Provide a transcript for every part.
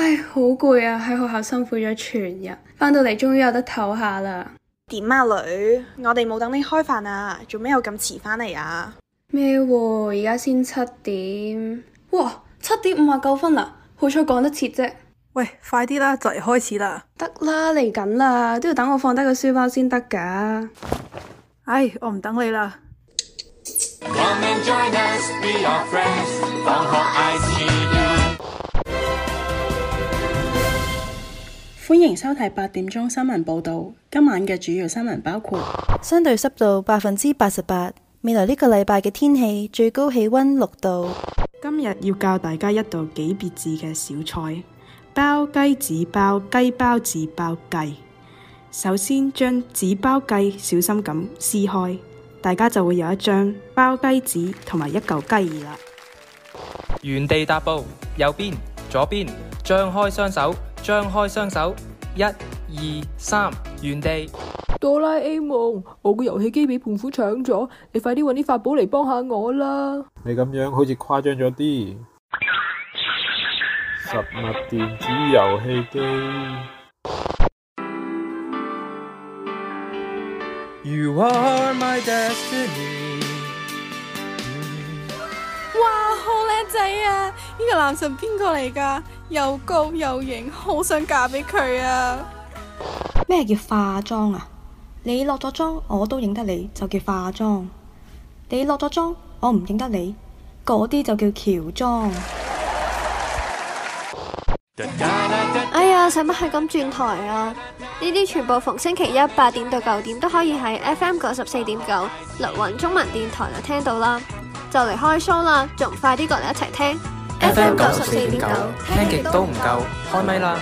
唉，好攰啊！喺學校辛苦咗全日，翻到嚟終於有得唞下啦。點啊女，我哋冇等你開飯啊，做咩又咁遲翻嚟啊？咩、啊？而家先七點？哇，七點五啊九分啦，啊，好彩趕得切啫，啊。喂，快啲啦，就嚟、是、開始啦。得啦，嚟緊啦，都要等我放低個書包先得㗎。唉、哎，我唔等你啦。 歡迎收睇，八點鐘新聞報道。今晚嘅主要新聞包括相對濕度百分之八十八，未來呢個禮拜嘅天氣最高氣溫六度。今日要教大家一道幾別致嘅小菜——包雞子包雞包子包，包，包雞。首先將紙包雞小心咁撕開，大家就會有一張包雞紙同埋一嚿雞翼啦。原地踏步，右邊，左邊，張開雙手。張開雙手，一二三，原地。哆啦 A 夢，我個遊戲機俾胖虎搶咗，你快啲揾啲法寶嚟幫下我啦！你咁樣好似誇張咗啲。實物電子遊戲機。哇，好靚仔啊！呢個男神邊個嚟噶？又高又型，好想嫁俾佢啊！咩叫化妝啊？你落咗妝，我都認得你，就叫化妝。你落咗妝，我唔認得你，嗰啲就叫喬裝。哎呀，使乜係咁轉台啊？呢啲全部逢星期一八點到九點都可以喺 FM 九十四點九流雲中文電台嚟聽到啦。就嚟開 show 啦，仲快啲過嚟一齊聽。FM 九十四點九，9，聽極都唔夠，夠開咪啦！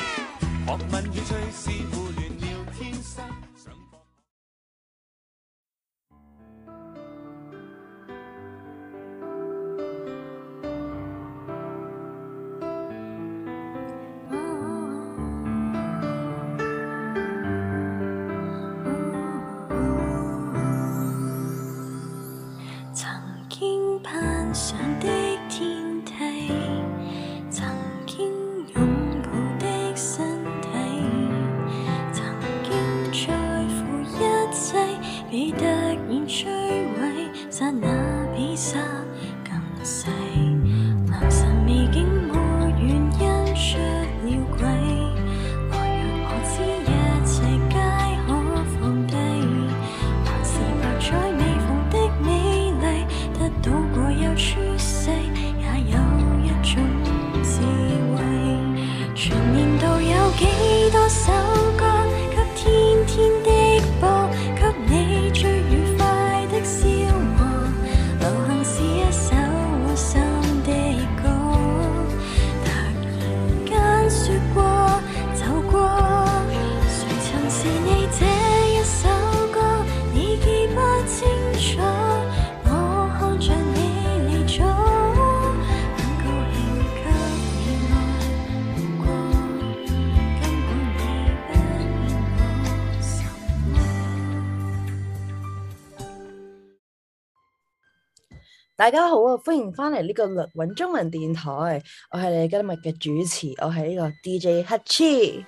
大家好啊，歡迎翻嚟呢個綠雲中文電台，我係你今日嘅主持，我係呢個 DJ h u c h i e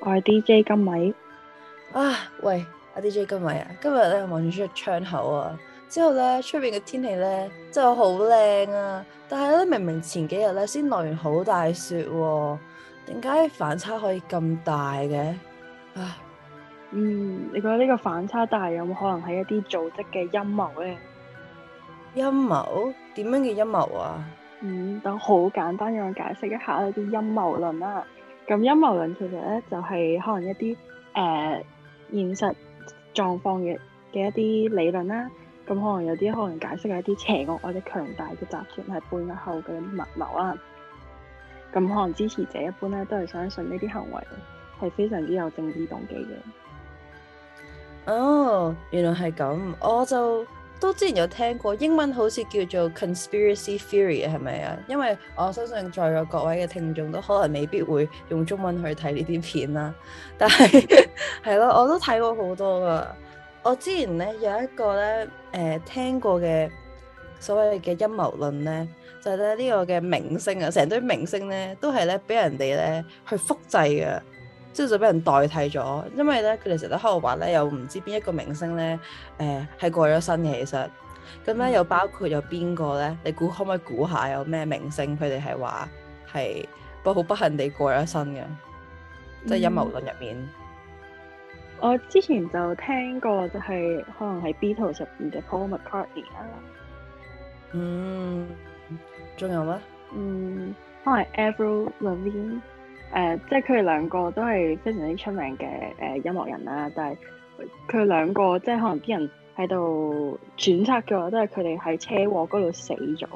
我係 DJ 金米啊，喂，阿、啊、DJ 金米啊，今日咧望住出窗口啊，之後咧出邊嘅天氣咧真係好靚啊，但係咧明明前幾日咧先落完好大雪，啊，點解反差可以咁大嘅？啊，嗯，你覺得呢個反差大有冇可能係一啲組織嘅陰謀咧？陰謀？點樣叫陰謀啊？嗯，等好簡單咁解釋一下呢啲陰謀論啦。咁陰謀論其實咧就係、是、可能一啲誒、呃、現實狀況嘅嘅一啲理論啦。咁可能有啲可能解釋一啲邪惡或者強大嘅集團係背後嘅密謀啦。咁可能支持者一般咧都係相信呢啲行為係非常之有政治動機嘅。哦，原來係咁，我就。都之前有聽過，英文好似叫做 conspiracy theory 係咪啊？因為我相信在座各位嘅聽眾都可能未必會用中文去睇呢啲片啦。但係係咯，我都睇過好多噶。我之前咧有一個咧誒、呃、聽過嘅所謂嘅陰謀論咧，就係、係、咧呢、呢個嘅明星啊，成堆明星咧都係咧俾人哋咧去複製噶。即就俾人代替咗，因為咧佢哋成日都喺度話咧，有唔知邊一個明星咧，誒、欸、係過咗身嘅，其實咁咧、嗯、又包括有邊個咧？你估可唔可以估下有咩明星佢哋係話係不好不幸地過咗身嘅？嗯、即係陰謀論入面，我之前就聽過就係可能係 Beatles 入面嘅 Paul McCartney 啊，嗯，仲有咩？嗯，可能係 Avril Lavigne。誒，uh, 即係佢哋兩個都係非常之出名嘅誒音樂人啦，但係佢兩個即係可能啲人喺度揣測嘅都係佢哋喺車禍嗰度死咗。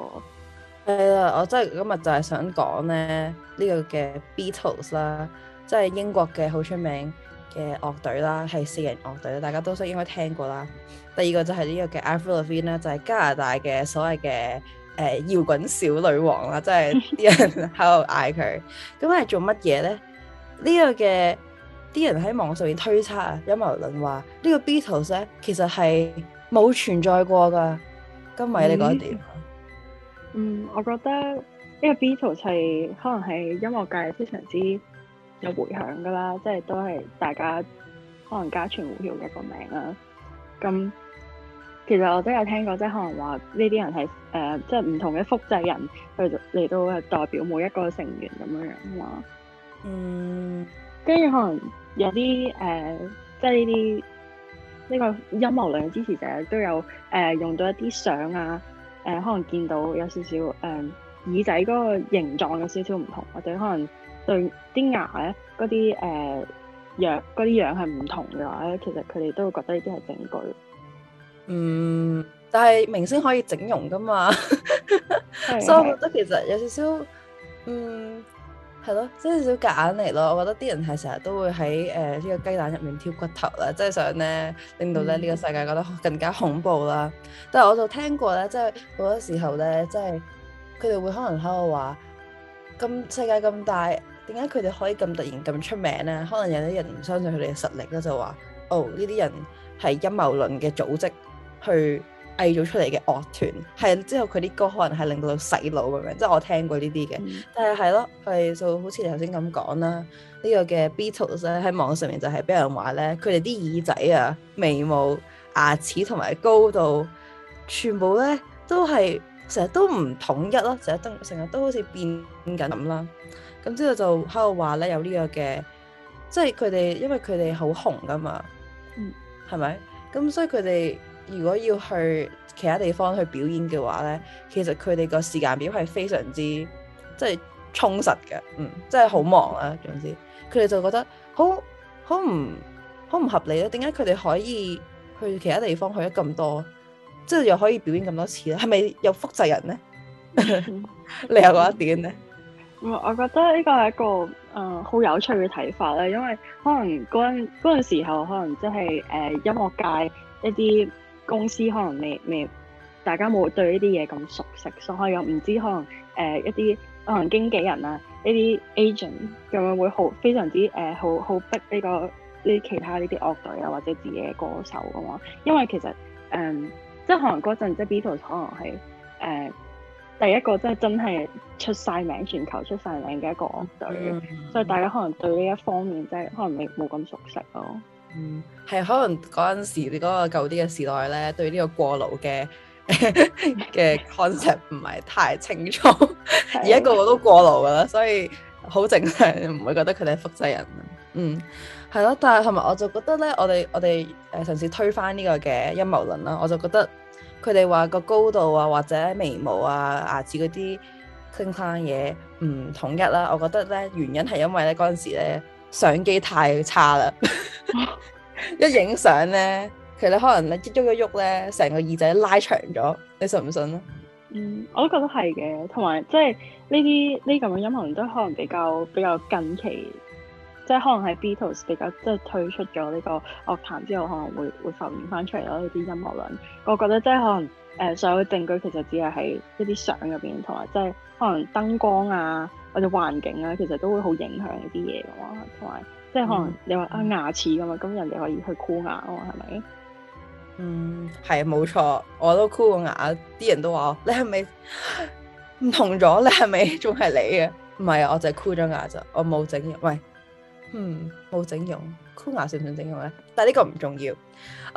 係啊，我真係今日就係想講咧呢個嘅 Beatles 啦，即係英國嘅好出名嘅樂隊啦，係四人樂隊，大家都應該聽過啦。第二個就係呢個嘅 Iron Maiden 啦，ina, 就係加拿大嘅所謂嘅。誒，搖滾、呃、小女王啦，即係啲人喺度嗌佢。咁係做乜嘢咧？呢、這個嘅啲人喺網上面推測啊，陰謀論話呢個 Beatles 呢，其實係冇存在過噶。金米，你講點？嗯，我覺得呢個 Beatles 係可能係音樂界非常之有回響噶啦，即係都係大家可能家傳戶曉嘅一個名啦。咁。其實我都有聽過，即係可能話呢啲人係誒、呃，即係唔同嘅複製人去嚟到代表每一個成員咁樣樣嘛。嗯，跟住可能有啲誒、呃，即係呢啲呢個陰謀論嘅支持者都有誒、呃，用到一啲相啊，誒、呃、可能見到有少少誒、呃、耳仔嗰個形狀有少少唔同，或者可能對啲牙咧嗰啲誒樣啲樣係唔同嘅話咧，其實佢哋都會覺得呢啲係證據。嗯，但係明星可以整容噶嘛， 嗯、 所以我覺得其實有少少，嗯，係咯，即係、有少少夾硬嚟咯。我覺得啲人係成日都會喺誒呢個雞蛋入面挑骨頭啦，即、就、係、是、想咧令到咧呢、嗯、個世界覺得更加恐怖啦。但係我就聽過咧，即係好多時候咧，即係佢哋會可能喺度話，咁世界咁大，點解佢哋可以咁突然咁出名咧？可能有啲人唔相信佢哋嘅實力咧，就話哦，呢啲人係陰謀論嘅組織。去偽造出嚟嘅樂團，係之後佢啲歌可能係令到洗腦咁樣，即係我聽過呢啲嘅。嗯、但係係咯，係就好似你頭先咁講啦。這個、呢個嘅 Beatles 咧喺網上面就係俾人話咧，佢哋啲耳仔啊、眉毛、牙齒同埋高度，全部咧都係成日都唔統一咯，成日都成日都好似變緊咁啦。咁之後就喺度話咧有呢個嘅，即係佢哋因為佢哋好紅噶嘛，係咪、嗯？咁所以佢哋。如果要去其他地方去表演嘅話咧，其實佢哋個時間表係非常之即係充實嘅，嗯，即係好忙啊。總之，佢哋就覺得好好唔好唔合理啊？點解佢哋可以去其他地方去咗咁多，即係又可以表演咁多次咧？係咪又複製人咧？你又覺得點咧？我我覺得呢個係一個誒好、呃、有趣嘅睇法咧，因為可能嗰陣嗰陣時候，可能即係誒音樂界一啲。公司可能未未，大家冇對呢啲嘢咁熟悉，所以我唔知可能誒、呃、一啲可能經紀人啊呢啲 agent 咁樣會好非常之誒好好逼呢、呢個呢其他呢啲樂隊啊或者自己嘅歌手啊嘛，因為其實誒、呃、即係可能嗰陣即係 Beatles 可能係誒、呃、第一個即係真係出晒名全球出晒名嘅一個樂隊，mm hmm. 所以大家可能對呢一方面即係可能未冇咁熟悉咯、啊。嗯，係可能嗰陣時啲嗰、那個舊啲嘅時代咧，對呢個過勞嘅嘅 concept 唔係太清楚，而 家個個都過勞噶啦，所以好正常，唔會覺得佢哋係複製人。嗯，係咯，但係同埋我就覺得咧，我哋我哋誒嘗試推翻呢個嘅陰謀論啦，我就覺得佢哋話個高度啊或者眉毛啊牙齒嗰啲相關嘢唔統一啦，我覺得咧原因係因為咧嗰陣時咧。相機太差啦， 一影相咧，其實可能你喐一喐咧，成個耳仔拉長咗，你信唔信咧？嗯，我都覺得係嘅，同埋即係呢啲呢咁嘅陰謀論都可能比較比較近期，即係可能係 Beatles 比較即係退出咗呢個樂壇之後，可能會會浮現翻出嚟咯呢啲陰謀論。我覺得即係可能誒、呃、所有證據其實只係喺一啲相入邊，同埋即係可能燈光啊。或者環境啊，其實都會好影響啲嘢嘅嘛，同埋即係可能你話啊牙齒咁嘛，咁人哋可以去箍牙啊，係咪？嗯，係冇錯，我都箍過牙，啲人都話你係咪唔同咗？你係咪仲係你嘅？唔係啊，我就係箍咗牙就，我冇整容，喂，嗯，冇整容，箍牙算唔算整容咧？但係呢個唔重要，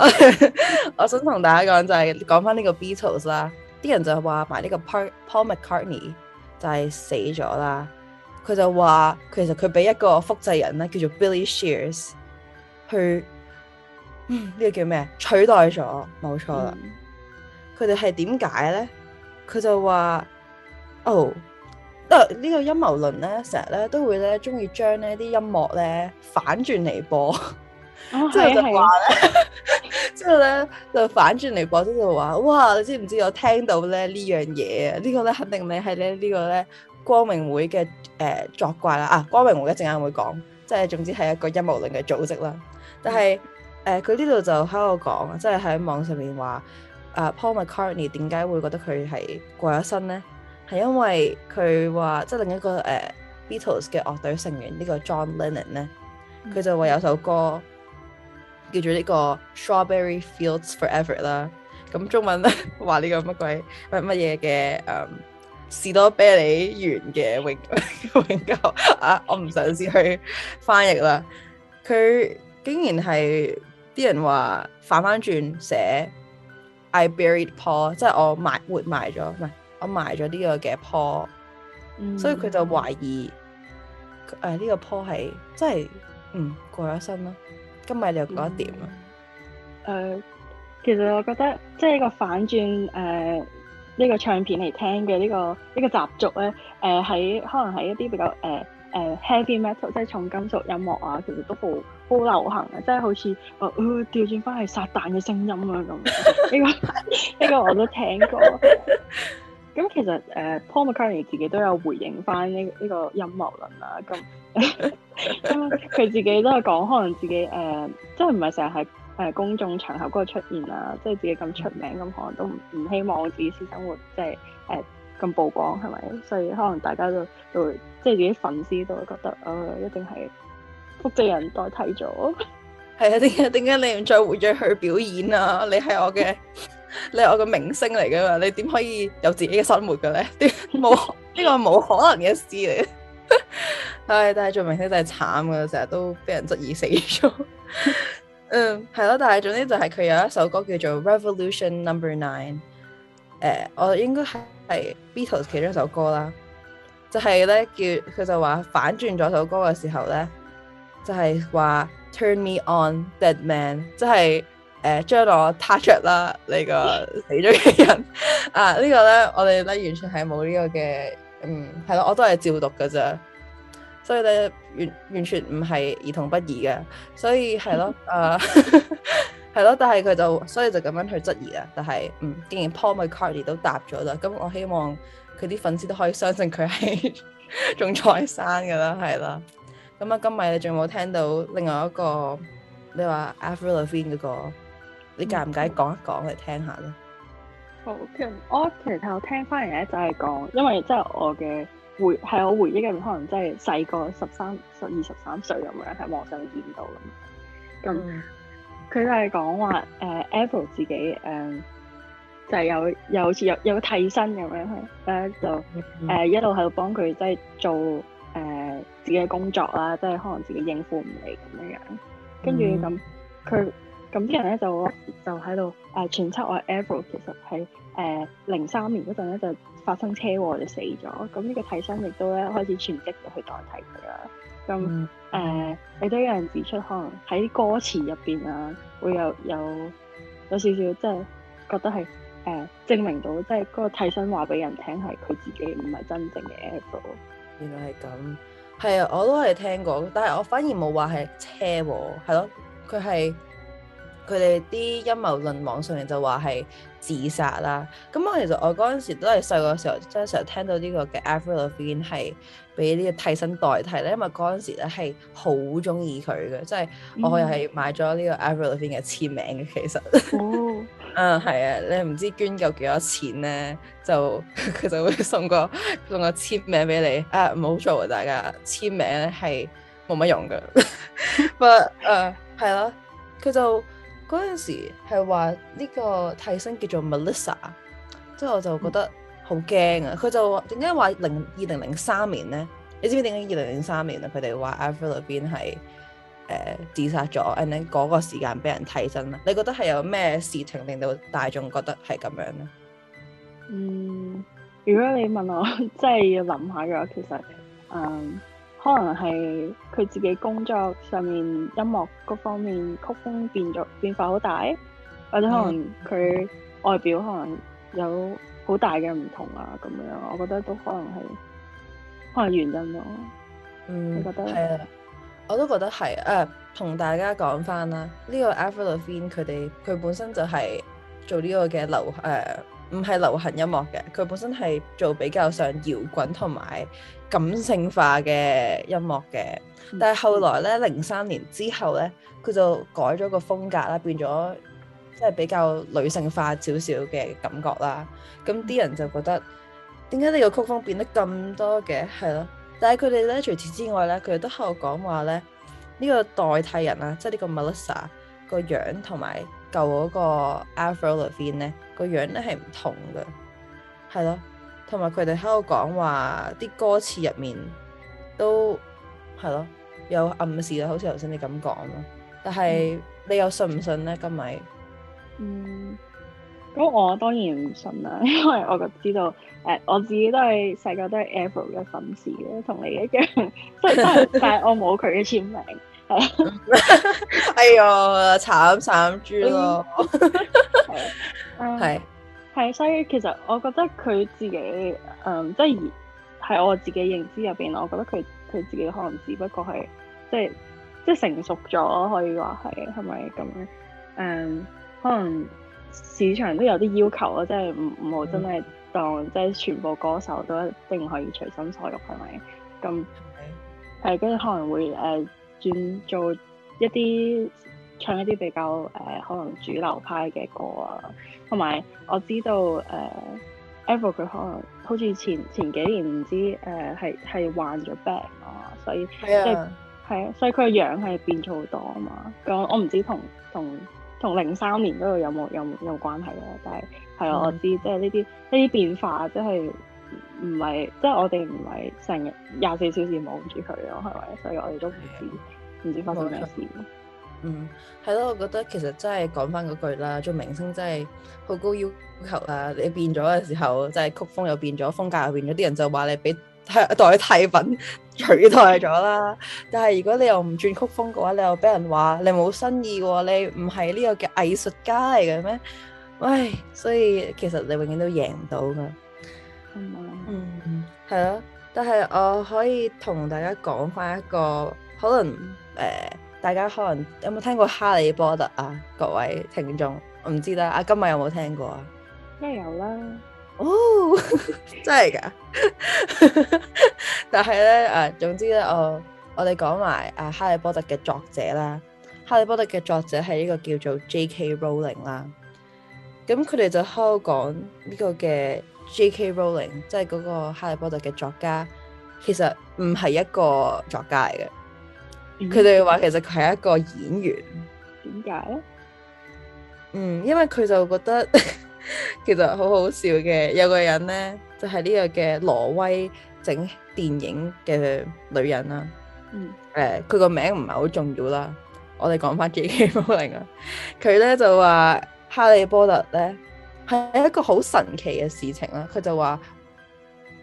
我想同大家講就係講翻呢個 Beatles 啦，啲人就係話埋呢個 Paul McCartney。就係死咗啦，佢就話其實佢俾一個複製人咧，叫做 Billy Shears 去呢、嗯呢個叫咩取代咗，冇錯啦。佢哋係點解咧？佢就話哦，oh, 啊這個、陰謀論呢個陰謀論咧，成日咧都會咧中意將呢啲音樂咧反轉嚟播。 之後就話咧，之、哦、 後咧就反轉嚟講，就話哇！你知唔知我聽到咧呢樣嘢？這個、呢個咧肯定你係咧呢個咧光明會嘅誒、呃、作怪啦！啊，光明會一陣間會講，即係總之係一個陰謀論嘅組織啦。但係誒佢呢度就喺度講，即係喺網上面話啊，Paul McCartney 點解會覺得佢係過咗身咧？係因為佢話即係另一個誒、呃、Beatles 嘅樂隊成員呢、這個 John Lennon 咧，佢就話有首歌。嗯叫做呢個 Strawberry Fields Forever 啦，咁中文咧話呢個乜鬼乜乜嘢嘅誒士多啤梨園嘅永永久啊，我唔想先去翻譯啦。佢竟然係啲人話反翻轉寫，I buried Paul，即係我埋活埋咗，唔係我埋咗呢個嘅 Paul，所以佢就懷疑誒呢個 Paul 係即係嗯過咗身咯。今日你又講點啊？誒、嗯呃，其實我覺得即係一個反轉誒呢、呃呢個唱片嚟聽嘅呢、呢個呢、呢個習俗咧，誒、呃、喺可能係一啲比較誒誒、呃呃、heavy metal 即係重金屬音樂啊，其實都好好流行啊，即係好似哦調轉翻去呃、撒旦嘅聲音啊咁，呢個呢個我都聽過。 咁其實誒，Paul McCartney 自己都有回應返呢呢個陰謀論啦。咁佢 自己都係講，可能自己誒，即係唔係成日喺誒公眾場合嗰度出現啦。即係自己咁出名，咁可能都唔希望自己私生活即係誒咁曝光，係咪？所以可能大家都都會，即係自己粉絲都會覺得，誒、呃、一定係複製人代替咗。係 啊，點解點解你唔再回去表演啊？你係我嘅。 你係我個明星嚟噶嘛？你點可以有自己嘅生活嘅咧？冇，呢個冇可能嘅事嚟。唉，但係做明星真係慘噶，成日都俾人質疑死咗。嗯，係咯。但係總之就係佢有一首歌叫做《Revolution Number Nine》。誒，我應該係係 Beatles 其中一首歌啦。就係咧叫佢就話反轉咗首歌嘅時候咧，就係話 Turn me on, dead man，即係。誒將我他著啦，你個死咗嘅人 啊！這個、呢個咧，我哋咧完全係冇呢個嘅，嗯係咯，我都係照讀噶啫，所以咧完完全唔係兒童不宜嘅，所以係咯啊，係咯， 但係佢就所以就咁樣去質疑啦，但係嗯，竟然 Paul McCartney 都答咗啦，咁、嗯、我希望佢啲粉絲都可以相信佢係仲在生噶啦，係啦，咁 啊、嗯，今日你仲有冇聽到另外一個你話 Avril Lavigne 嗰個？你介唔介意講一講嚟聽下咧？好，其實我其實我聽翻嚟咧，就係講，因為即係我嘅回係我回憶入面可能即係細個十三、十二、十三歲咁樣喺網上見到咁。咁佢就係講話誒 Avril 自己誒，就係有有似有有替身咁樣，咧就誒一路喺度幫佢即係做誒自己嘅工作啦，即係可能自己應付唔嚟咁樣，跟住咁佢。咁啲人咧就就喺度誒傳、呃、出話，Apple 其實係誒零三年嗰陣咧就發生車禍就死咗。咁呢個替身亦都咧開始全職去代替佢啦。咁誒，亦、嗯呃、都有人指出，可能喺歌詞入邊啊，會有有有少少即係覺得係誒、呃、證明到，即係嗰個替身話俾人聽係佢自己，唔係真正嘅 Apple。原來係咁，係啊，我都係聽過，但係我反而冇話係車禍，係咯，佢係。佢哋啲陰謀論網上面就話係自殺啦。咁我其實我嗰陣時都係細個時候，即係成日聽到呢個嘅 Avril Lavigne 係俾呢個替身代替咧。因為嗰陣時咧係好中意佢嘅，即係我又係買咗呢個 Avril Lavigne 嘅簽名嘅。其實， 哦， 嗯，係啊，你唔知捐夠幾多錢咧，就佢 就會送個送個簽名俾你。啊，唔好做啊，大家簽名係冇乜用㗎。不過誒係啦，佢就。嗰陣時係話呢個替身叫做 Melissa，之後我就覺得好驚啊！佢、嗯、就點解話零二零零三年咧？你知唔知點解二零零三年啊？佢哋話 Avril 裏邊係誒自殺咗，and 嗰個時間俾人替身啊。你覺得係有咩事情令到大眾覺得係咁樣咧？嗯，如果你問我，即係要諗下嘅話，其實誒。嗯可能係佢自己工作上面音樂各方面曲風變咗，變化好大，或者可能佢外表可能有好大嘅唔同啊咁樣。我覺得都可能係可能原因咯。嗯，你覺得？誒，我都覺得係誒，同、呃、大家講返啦，呢、呢個 Avril Lavigne 佢哋佢本身就係做呢個嘅流誒。呃唔係流行音樂嘅，佢本身係做比較上搖滾同埋感性化嘅音樂嘅。但係後來咧，零三年之後咧，佢就改咗個風格啦，變咗即係比較女性化少少嘅感覺啦。咁啲人就覺得點解呢個曲風變得咁多嘅？係咯。但係佢哋咧除此之外咧，佢哋都喺度講話咧呢個代替人啊，即係呢個 Melissa 個樣同埋舊嗰個 Avril Lavigne 咧。個樣咧係唔同嘅，係咯，同埋佢哋喺度講話啲歌詞入面都係咯，有暗示啦，好似頭先你咁講咯。但係、嗯、你又信唔信咧？今咪？嗯，咁我當然唔信啦，因為我就知道誒，我自己都係細個都係 Apple 嘅粉絲嘅，同你一樣，所 以但係我冇佢嘅簽名。誒， 哎呀，慘慘豬咯，係係，所以其實我覺得佢自己，嗯，即係喺我自己認知入邊，我覺得佢佢自己可能只不過係，即係即係成熟咗，可以話係係咪咁？誒、嗯，可能市場都有啲要求咯，即係唔唔好真係當即係、嗯、全部歌手都一定可以隨心所欲，係咪？咁係跟住可能會誒。呃轉做一啲唱一啲比較誒、呃、可能主流派嘅歌啊，同埋我知道誒 Avril 佢可能好似前前幾年唔知誒係係患咗病啊，所以即係、即係、Yeah. 係啊，所以佢個樣係變咗好多啊嘛。咁我唔知同同同零三年嗰度有冇有有關係咧，但係係啊，我知即係呢啲呢啲變化即係唔係即係我哋唔係成日廿四小時望住佢咯，係咪？所以我哋都唔知。Yeah. 嗯，係咯，我覺得其實真係講翻嗰句啦，做明星真係好高要求啊！你變咗嘅時候，就係曲風又變咗，風格又變咗，啲人就話你俾替代替品取代咗啦。但係如果你又唔轉曲風嘅話，你又俾人話你冇新意喎，你唔係呢個嘅藝術家嚟嘅咩？唉，所以其實你永遠都贏唔到噶。嗯，係咯、 嗯。但係我可以同大家講翻一個可能。誒，大家可能有冇聽過《哈利波特》啊？各位聽眾，我唔知啦。阿金米有冇聽過啊？梗係有啦。哦、oh, 的嗎，真係噶。但係咧，誒，總之咧，我我哋講埋阿哈利波特嘅作者啦。哈利波特嘅作者係呢個叫做 J.K. Rowling 啦。咁佢哋就開講呢個嘅 J.K. Rowling，即係嗰個哈利波特嘅作家，其實唔係一個作家嚟嘅。佢哋話其實佢係一個演員，點解咧？嗯，因為佢就覺得呵呵其實好好笑嘅，有個人咧就係、是、呢個嘅挪威整電影嘅女人啦。嗯，誒、呃，佢個名唔係好重要啦。我哋講翻《J.K. Rowling》啊，佢咧就話《哈利波特呢》咧係一個好神奇嘅事情啦。佢就話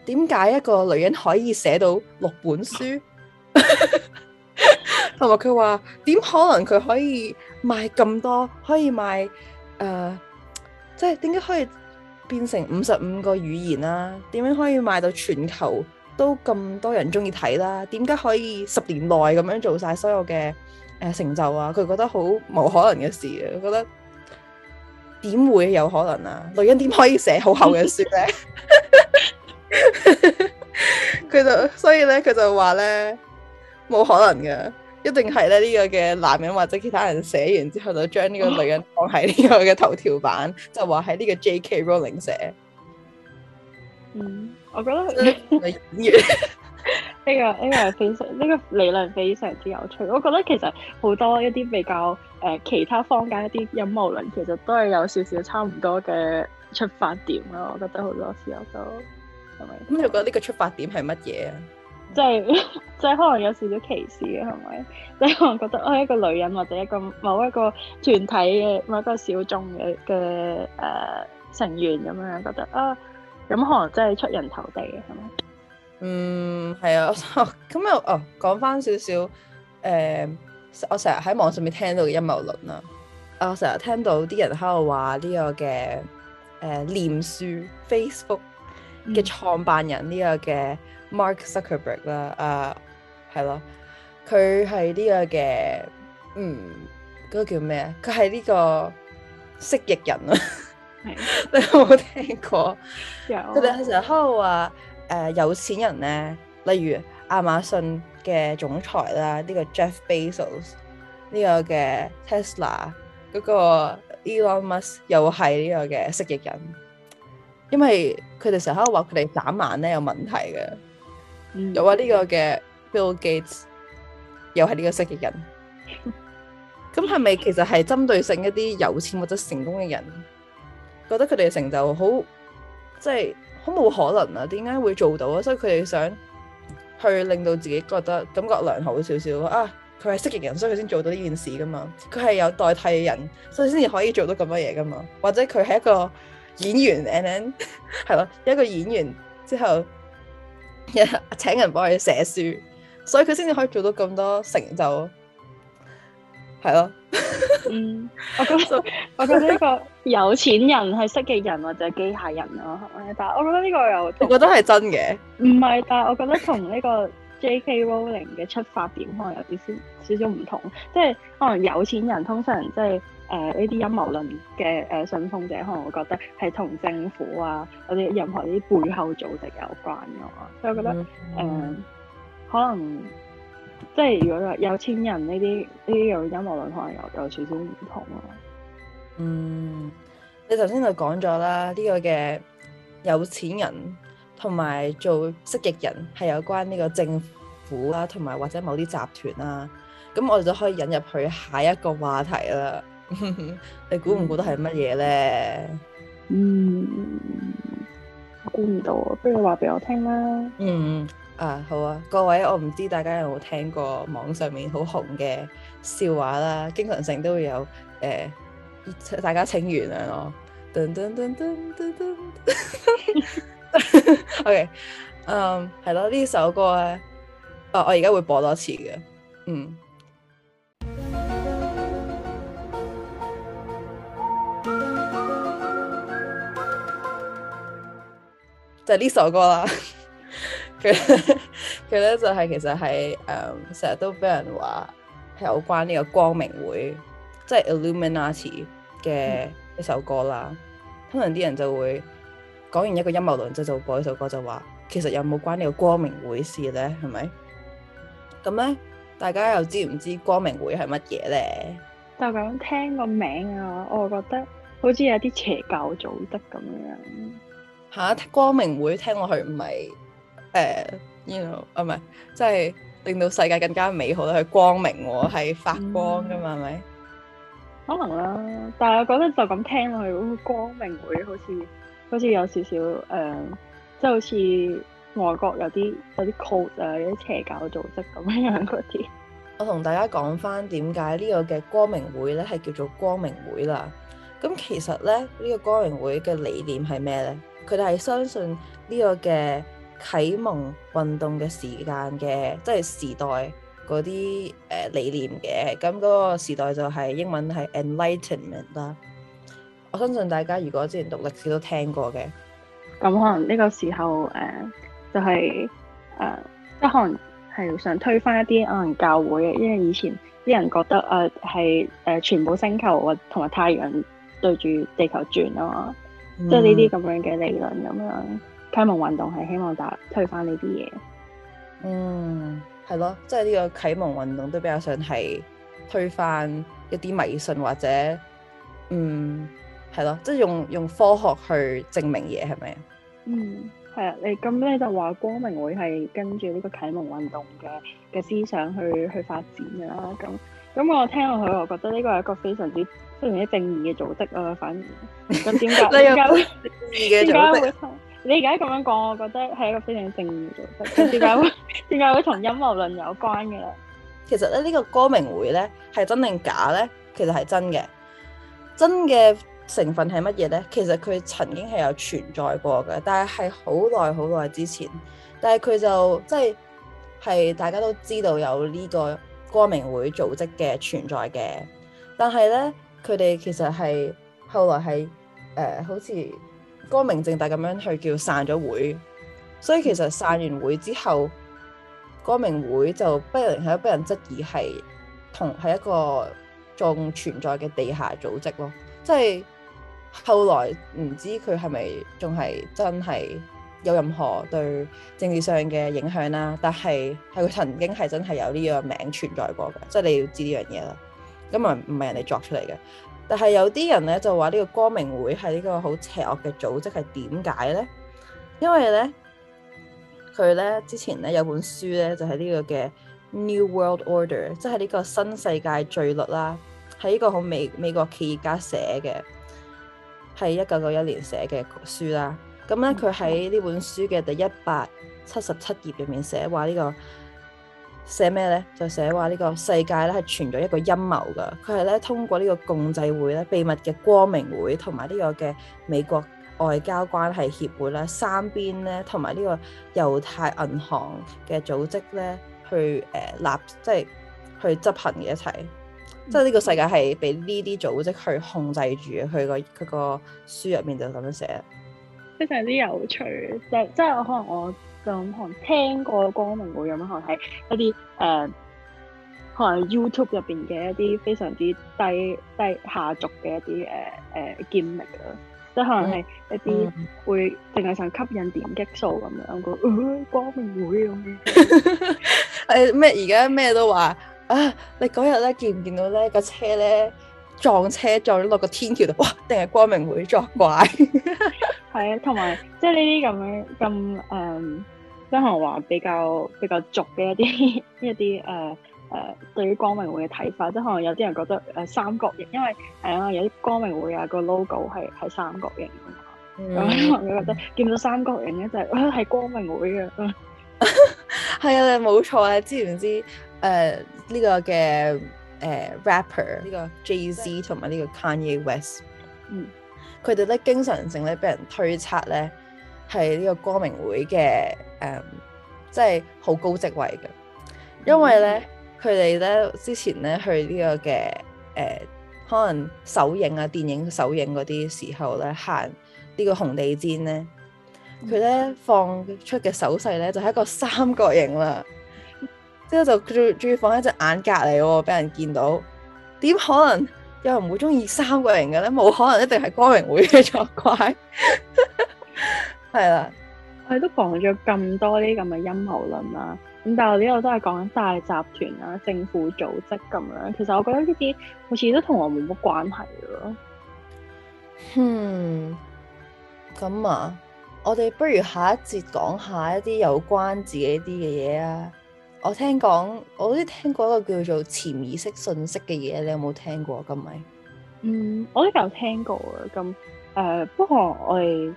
點解一個女人可以寫到六本書？ 同埋佢話點可能佢可以賣咁多？可以賣誒、呃，即係點解可以變成五十五個語言啦、啊？點樣可以賣到全球都咁多人中意睇啦？點解可以十年內咁樣做晒所有嘅誒、呃、成就啊？佢覺得好冇可能嘅事啊！覺得點會有可能啊？女人點可以寫好厚嘅書咧？佢 就所以咧，佢就話咧。冇可能嘅，一定係咧呢個嘅男人或者其他人寫完之後就將呢個女人放喺呢個嘅頭條版，哇 就話喺呢個 J.K. Rowling 寫。嗯，我覺得呢、 這個呢、這個非常呢、這個理論非常之有趣。我覺得其實好多一啲比較誒、呃、其他坊間一啲陰謀論，其實都係有少少差唔多嘅出發點咯。我覺得好多時候都係咪？咁 你又覺得呢個出發點係乜嘢啊？即係即係可能有少少歧視嘅，係咪？即係可能覺得我係，一個女人或者一個某一個團體嘅某一個小眾嘅嘅誒成員咁樣覺得啊，咁、呃、可能真係出人頭地嘅，係咪？嗯，係啊， 哦，咁又哦，講翻少少誒，我成日喺網上面聽到嘅陰謀論啊，我成日聽到啲人喺度話呢個嘅誒臉書 Facebook。嘅創辦人呢個嘅 Mark Zuckerberg 啦，啊，係咯，佢係呢個嘅，嗯，嗰個叫咩？佢係呢個蜥蜴人啊！你有冇聽過？有，佢哋成日喺度話，誒有錢人咧，例如亞馬遜嘅總裁啦，呢個 Jeff Bezos，呢個嘅 Tesla，嗰個 Elon Musk 又會係呢個嘅蜥蜴人。因為佢哋成日都話佢哋眨眼呢有問題嘅，嗯、又話呢個嘅 Bill Gates 又係呢個蜥蜴人，咁係咪其實係針對性一啲有錢或者成功嘅人，覺得佢哋嘅成就好，即係好冇可能啊？點解會做到啊？所以佢哋想去令到自己覺得感覺良好少少啊！佢係蜥蜴人，所以佢先做到呢件事噶嘛？佢係有代替嘅人，所以先至可以做到咁多嘢噶嘛？或者佢係一個。演員，and then 係咯，一個演員之後，請人幫佢寫書，所以佢先至可以做到咁多成就，係咯。嗯，我覺得 我覺得呢個有錢人係識嘅人或者機械人咯，但係我覺得呢個有，我覺得係真嘅，唔係，但係我覺得同呢個。 J.K. Rowling 嘅出發點可能有啲少少唔同，即係可能有錢人通常即係誒呢啲陰謀論嘅誒、呃、信奉者，可能我覺得係同政府啊或者任何啲背後組織有關嘅嘛，所以我覺得誒、嗯嗯呃、可能即係如果話有錢人呢啲呢啲有陰謀論，可能有有少少唔同咯。嗯，你頭先就講咗啦，呢個嘅有錢人。同埋做蜥蜴人係有關呢個政府啦，同埋或者某啲集團啦，咁我哋就可以引入去下一個話題啦。 你估唔估得係乜嘢咧？嗯，估唔到啊！不如話俾我聽啦。嗯啊，好啊！各位，我唔知大家有冇聽過網上面好紅嘅笑話啦，經常性都會有誒、呃，大家請原諒我。O K，嗯，係咯，呢首歌咧，啊、uh,，我而家會播多次嘅，嗯， 就係呢首歌啦。佢佢咧就係、是、其實係誒，成、um, 日都俾人話係有關呢個光明會，即、就、係、是、Illuminati 嘅一首歌啦。可能啲人就會。講完一個陰謀論之後，就播呢首歌就話，其實有冇關呢個光明會事咧？係咪咁咧？大家又知唔知光明會係乜嘢咧？就咁聽個名啊，我覺得好似有啲邪教組織咁樣吓、啊。光明會聽落去唔係誒，you know 啊，唔係即係令到世界更加美好咧、啊。係光明，係發光噶嘛？咪、嗯、可能啦、啊，但係我覺得就咁聽落去，光明會好似。好似有少少誒、呃，即係好似外國有啲有啲 cult 啊，有啲邪教組織咁樣樣嗰啲。 我同大家講翻點解呢個嘅光明會咧係叫做光明會啦。咁其實咧，呢、這個光明會嘅理念係咩咧？佢哋係相信呢個嘅啟蒙運動嘅時間嘅，即、就、係、是、時代嗰啲誒理念嘅。咁嗰個時代就係、是、英文係 enlightenment 啦。我相信大家如果之前讀歷史都聽過嘅，咁可能呢個時候誒、呃，就係、是、誒，即、呃、係可能係想推翻一啲可能教會嘅，因為以前啲人覺得啊係誒，全部星球同埋太陽對住地球轉啊嘛，即係呢啲咁樣嘅理論咁樣。啟蒙運動係希望打推翻呢啲嘢，嗯，係咯，即係呢個啟蒙運動都比較想係推翻一啲迷信或者嗯。係咯，即係用用科學去證明嘢，係咪啊？嗯，係啊。你咁咧就話光明會係跟住呢個啟蒙運動嘅嘅思想去去發展噶啦。咁咁我聽落去，我覺得呢個係一個非常之非常之正義嘅組織啊。反而咁點解你點解會？ 你而家咁樣講，我覺得係一個非常正義嘅組織。點解 會？點解會同陰謀論有關噶啦？其實咧，呢個光明會咧係真定假咧？其實係真嘅，真嘅。成分係乜嘢呢？其實佢曾經係有存在過嘅，但係係好耐好耐之前。但係佢就即係係大家都知道有呢個光明會組織嘅存在嘅。但係呢，佢哋其實係後來係誒、呃、好似光明正大咁樣去叫散咗會。所以其實散完會之後，光明會就不被人係被人質疑係同係一個仲存在嘅地下組織咯，即係。後來唔知佢係咪仲係真係有任何對政治上嘅影響啦？但係係佢曾經係真係有呢個名存在過嘅，即係你要知呢樣嘢啦。咁啊，唔係人哋作出嚟嘅。但係有啲人咧就話呢個光明會係呢個好邪惡嘅組織，係點解咧？因為咧佢咧之前咧有本書咧就係呢個嘅 New World Order，即係呢個新世界秩序啦、啊，係呢個好美美國企業家寫嘅。係一九九一年寫嘅書啦，咁咧佢喺呢本書嘅第一百七十七頁入面寫話、這個、呢個寫咩咧？就寫話呢個世界咧係存在一個陰謀噶，佢係咧通過呢個共濟會咧、秘密嘅光明會同埋呢個嘅美國外交關係協會咧、三邊咧同埋呢個猶太銀行嘅組織咧去誒立即係去執行嘅一齊。即係呢個世界係俾呢啲組織去控制住嘅，佢個佢個書入面就咁樣寫，非常之有趣。就即係可能我咁可能聽過光明會，咁可能係一啲誒、呃，可能 YouTube 入邊嘅一啲非常之低低下俗嘅一啲誒誒劍力啦，即係可能係一啲會淨係想吸引點擊數咁樣。我覺、嗯，嗯、呃，光明會咁嘅，誒咩？ 而家咩都話。啊！你嗰日咧，見唔見到咧，個車咧撞車撞咗落個天橋度？哇！定係光明會作怪？係 啊，同埋即係呢啲咁樣咁誒，即係話、嗯、比較比較俗嘅一啲一啲誒誒，對於光明會嘅睇法，即係可能有啲人覺得誒、呃、三角形，因為啊，有啲光明會啊個 logo 係係三角形噶嘛，咁可能佢覺得見到三角形嘅就係、係、係、呃、光明會嘅，係、嗯、啊，你冇錯啊，知唔知？誒呢、呃這個嘅誒、呃、rapper，呢、這個 Jay-Z 同埋呢個 Kanye West，嗯，佢哋咧經常性咧俾人推測咧係呢個光明會嘅誒，即係好高職位嘅，因為咧佢哋咧之前咧去呢個嘅誒、呃，可能首映啊、電影首映嗰啲時候咧行呢個紅地毯咧，佢咧、嗯、放出嘅手勢咧就係、是、一個三角形啦。之後就仲仲要放一隻眼隔籬，俾人見到，點可能有人唔會中意三個人嘅咧？冇可能一定係光明會嘅作怪，係 啦的，佢都防咗咁多啲咁嘅陰謀論啦。咁但係呢度都係講緊大集團啊、政府組織咁樣。其實我覺得呢啲好似都同我冇乜關係咯。嗯，咁啊，我哋不如下一節講下一啲有關自己啲嘅嘢啊。我聽講，我都聽過一個叫做潛意識訊息嘅嘢，你有冇聽過？今日，嗯，我都有聽過啊。咁，誒、呃，不過我哋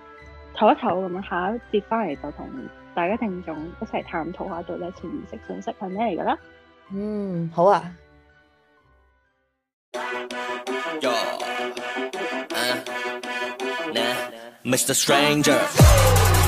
唞一唞咁樣，下一節翻嚟就同大家聽眾一齊探討下，到底潛意識訊息係咩嚟噶啦。嗯，好啊。Yeah, uh, nah, Mr. Stranger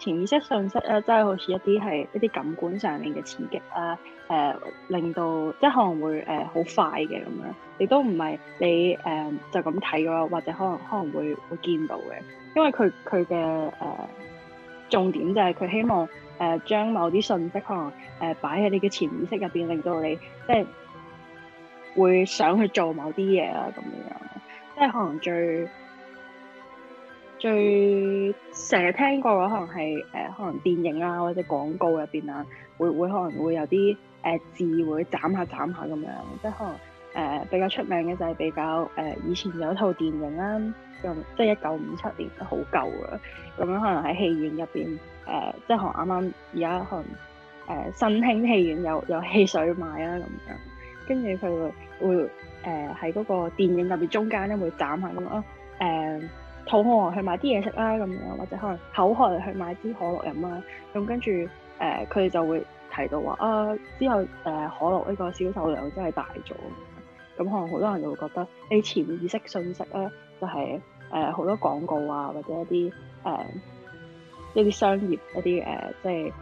潛意識信息啊，即係好似一啲係一啲感官上面嘅刺激啊，誒、呃、令到即係可能會誒好、呃、快嘅咁樣，亦都唔係你誒、呃、就咁睇咯，或者可能可能會會見到嘅，因為佢佢嘅誒重點就係佢希望誒、呃、將某啲信息可能誒擺喺你嘅潛意識入邊，令到你即係會想去做某啲嘢啊咁樣，即係可能最，最成日聽過嘅可能係誒、呃，可能電影啊或者廣告入邊啊，會會可能會有啲誒、呃、字會斬下斬下咁樣，即係可能誒、呃、比較出名嘅就係比較誒、呃、以前有一套電影啦，就即係一九五七年，好舊嘅咁樣，可能喺戲院入邊誒，即係可能啱啱而家可能誒新興戲院有有汽水賣啦咁樣，跟住佢會誒喺嗰個電影入邊中間咧會斬下咁啊誒。嗯呃肚餓去買啲嘢食啦，咁樣或者可能口渴去買支可樂飲啦，咁跟住誒佢哋就會提到話啊，之後誒、呃、可樂呢個銷售量真係大咗，咁、嗯、可能好多人就會覺得你潛意識信息呢、就係呃、啊，就係誒好多廣告啊或者一啲誒一啲商業一啲誒、呃、即係。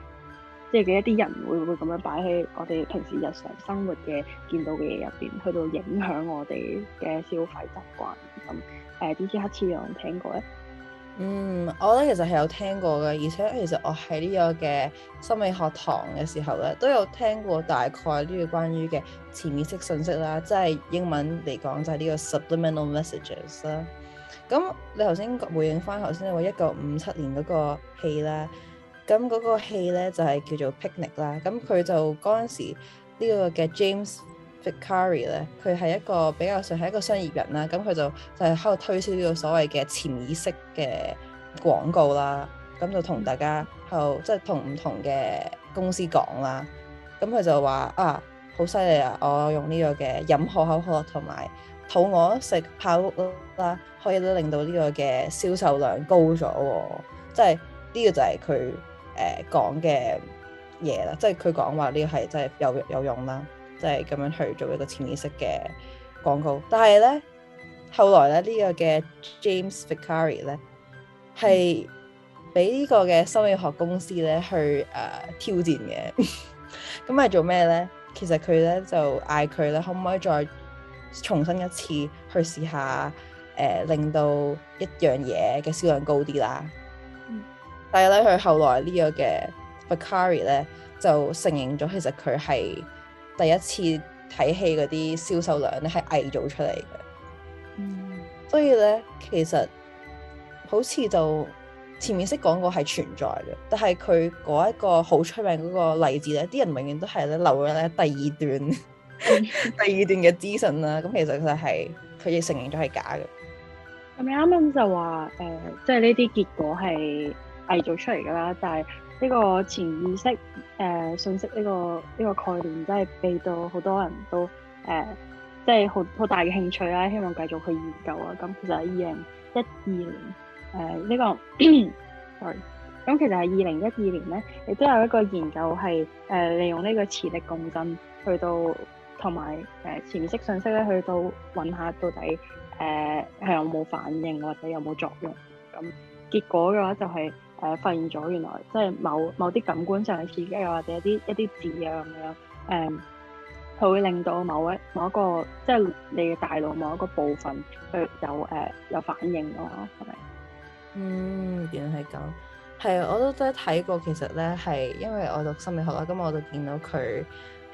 即係嘅一啲人會唔會咁樣擺喺我哋平時日常生活嘅見到嘅嘢入邊，去到影響我哋嘅消費習慣咁。誒，點、呃、黑黒有人聽過咧？嗯，我咧其實係有聽過嘅，而且其實我喺呢個嘅心理學堂嘅時候咧，都有聽過大概呢個關於嘅潛意識訊息啦，即係英文嚟講就係呢個 subliminal messages 啦。咁你頭先回應翻頭先你話一九五七年嗰個戲啦。咁嗰個戲咧就係、是、叫做 Picnic 啦，咁佢就嗰陣時、這個、ari, 呢個嘅 James Vicary 咧，佢係一個比較上係一個商業人啦，咁佢就就係喺度推銷呢個所謂嘅潛意識嘅廣告啦，咁就同大家後即係、就是、同唔同嘅公司講啦，咁佢就話啊好犀利啊，我用呢個嘅飲可口可樂同埋肚餓食泡芙啦，可以咧令到呢個嘅銷售量高咗喎，即係呢個就係佢誒、呃、講嘅嘢啦，即係佢講話呢個係真係有有用啦，即係咁樣去做一個潛意識嘅廣告。但係咧，後來咧呢、呢個嘅 James Vicari 咧係俾呢個嘅心理學公司咧去誒、呃、挑戰嘅。咁 係做咩咧？其實佢咧就嗌佢咧可唔可以再重新一次去試下誒、呃、令到一樣嘢嘅銷量高啲啦。但係咧，佢後來個呢個嘅 Vicary 咧，就承認咗其實佢係第一次睇戲嗰啲銷售量咧係偽造出嚟嘅。嗯，所以咧，其實好似就前面識講過係存在嘅，但係佢嗰一個好出名嗰個例子咧，啲人永遠都係咧留咗咧第二段、嗯、 第二段嘅資訊啦。咁其實就係佢亦承認咗係假嘅。咁你啱啱就話誒，即係呢啲結果係，偽造出嚟㗎啦，但係呢個潛意識誒、呃、訊息呢、呢個呢、呢個概念，真係俾到好多人都誒、呃，即係好好大嘅興趣啦。希望繼續去研究啊。咁其實喺二零一二年誒呢、呃呢個 ，sorry，咁其實喺二零一二年咧，亦都有一個研究係誒、呃、利用呢個磁力共振去到同埋誒潛意識訊息咧，去到揾下到底誒係、呃、有冇反應或者有冇作用。咁結果嘅話就係、係。誒、呃、發現咗原來即係某某啲感官上嘅刺激啊，或者一啲一啲字啊咁樣，誒、嗯、佢會令到某一某一個即係你嘅大腦某一個部分去有誒、呃、有反應咯，係咪？嗯，原來係咁，係啊，我都真係睇過，其實咧係因為我讀心理學啦，咁我就見到佢